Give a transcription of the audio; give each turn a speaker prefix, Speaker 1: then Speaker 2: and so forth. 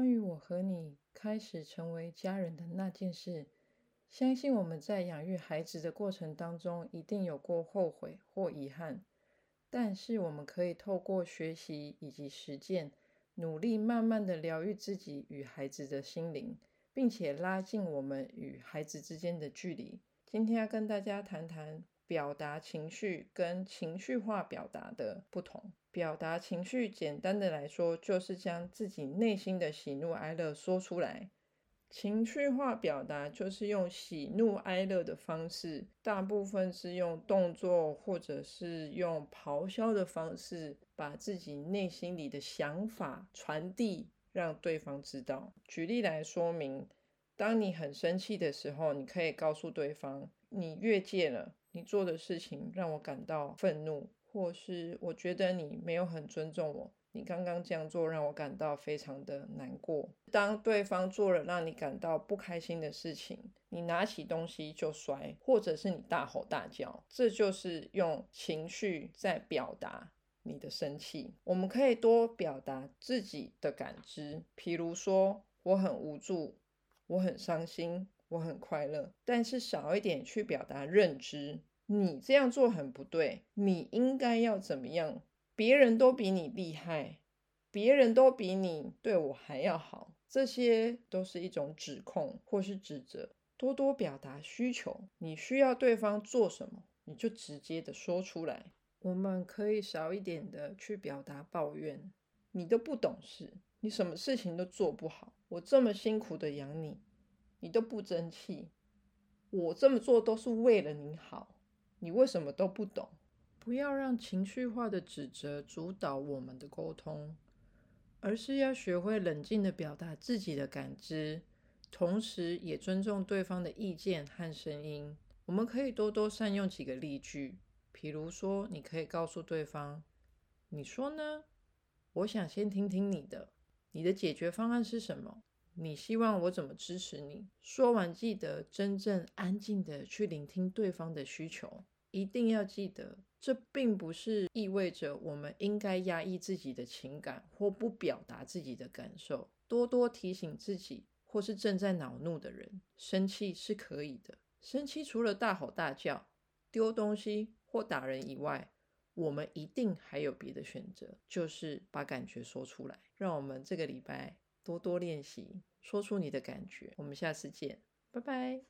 Speaker 1: 關於我和你開始成為家人的那件事，相信我們在養育孩子的過程當中，一定有過後悔或遺憾。但是我們可以透過學習以及實踐，努力慢慢地療癒自己與孩子的心靈，並且拉近我們與孩子之間的距離。今天要跟大家談談。表達情緒跟情緒化表達的不同。表達情緒，簡單的來說，就是將自己內心的喜怒哀樂說出來；情緒化表達，就是用喜怒哀樂的方式，大部分是用動作或者是用咆哮的方式，把自己內心裡的想法傳遞，讓對方知道。舉例來說明。當你很生氣的時候，你可以告訴對方：“你越界了，你做的事情讓我感到憤怒，或是我覺得你沒有很尊重我，你剛剛這樣做讓我感到非常的難過。”當對方做了讓你感到不開心的事情，你拿起東西就摔，或者是你大吼大叫，這就是用情緒在表達你的生氣。我們可以多表達自己的感知，譬如說：“我很無助。”我很傷心，我很快樂，但是少一點去表達認知。你這樣做很不對，你應該要怎麼樣？別人都比你厲害，別人都比你對我還要好，這些都是一種指控或是指責。多多表達需求，你需要對方做什麼，你就直接的說出來。我們可以少一點的去表達抱怨，你都不懂事。你什麼事情都做不好，我這麼辛苦的養你，你都不爭氣。我這麼做都是為了你好，你為什麼都不懂？不要讓情緒化的指責主導我們的溝通，而是要學會冷靜的表達自己的感知，同時也尊重對方的意見和聲音。我們可以多多善用幾個例句，比如說，你可以告訴對方：“你說呢？我想先聽聽你的。”你的解決方案是什麼？你希望我怎麼支持你？說完，記得真正安靜的去聆聽對方的需求。一定要記得，這並不是意味着我們應該壓抑自己的情感或不表達自己的感受。多多提醒自己，或是正在惱怒的人，生氣是可以的。生氣除了大吼大叫、丟東西或打人以外，我們一定還有別的選擇，就是把感覺說出來。讓我們這個禮拜多多練習，說出你的感覺。我們下次見，拜拜。